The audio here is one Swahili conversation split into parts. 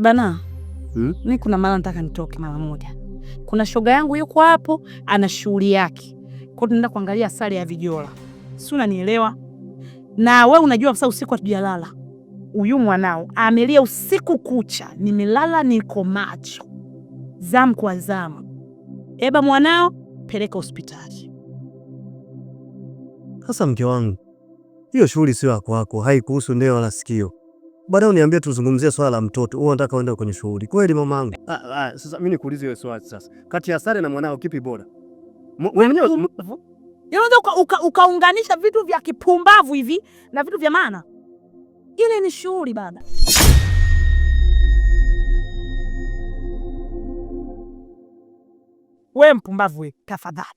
Bana hmm? Mi kuna mara nataka nitoke mara moja. Kuna shoga yangu yuko hapo ana shughuli yake, kwa tunaenda kuangalia sare ya Vijola, si unanielewa? Na we unajua sasa usiku hatujalala, huyu mwanao amelia usiku kucha, nimelala niko macho zamu kwa zamu. Eba mwanao peleka hospitali. Sasa mke wangu, hiyo shughuli sio yako, haikuhusu ndio wala sikio baadaye uniambie tuzungumzie swala la mtoto. Wewe nataka uende kwenye shughuli. Kweli mamangu. Ah, ah, sasa mimi nikuulize hiyo swali sasa. Kati ya Sare na mwanao kipi bora? Wewe mwenyewe ukaunganisha uka vitu vya kipumbavu hivi na vitu vya maana. Ile ni shughuli baba. We mpumbavu we, tafadhali.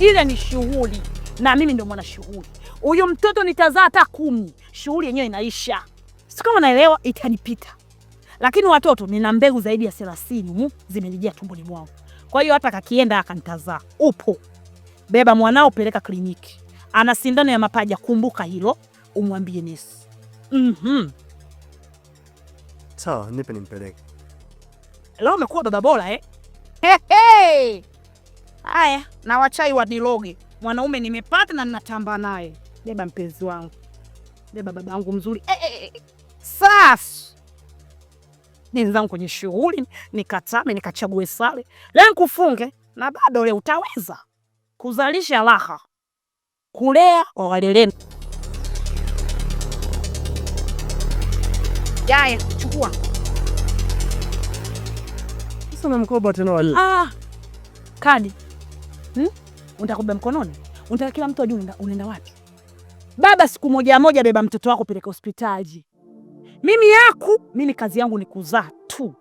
Ile ni shughuli na mimi ndo mwana shughuli. Huyu mtoto nitazaa hata kumi, shughuli yenyewe inaisha si kama naelewa itanipita, lakini watoto nina mbegu zaidi ya thelathini mu hmm, zimenijia tumboni mwangu. Kwa hiyo hata kakienda akanitazaa, upo beba mwanao, peleka kliniki, ana sindano ya mapaja. Kumbuka hilo, umwambie nesi. mm -hmm. Sawa, nipe nimpeleke. Leo umekuwa dada bora eh? Hey, hey. Haya, na wachai waniloge, mwanaume nimepata na ninatamba naye. Beba mpenzi wangu, beba babangu mzuri. hey, eh, eh, hey, eh, hey safi nizangu kwenye shughuli, nikatame nikachague sale leo kufunge na bado leo utaweza kuzalisha raha, kulea wawaleleni. Yaya, chukua na mkoba tena wale. Ah, kadi hmm? Untakubeba mkononi, unataka kila mtu ajue unaenda wapi. Baba, siku moja moja beba mtoto wako, peleka hospitali. Mimi yaku mimi kazi yangu ni kuzaa tu,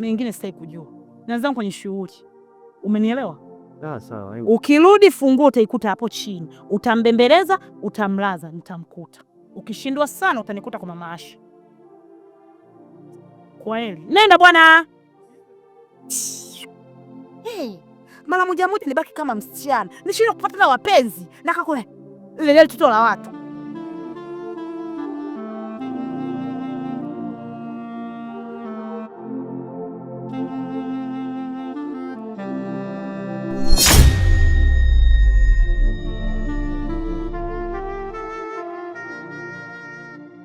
mengine sitaki kujua, nazangu kwenye shughuli. Umenielewa? Ah, sawa. Ukirudi funguo utaikuta hapo chini, utambembeleza, utamlaza, nitamkuta. Ukishindwa sana utanikuta kwa mama Asha. Kwa heri, nenda bwana. Hey, mara moja moja nibaki kama msichana nishindwa kupata na wapenzi na kako lelele tuto la watu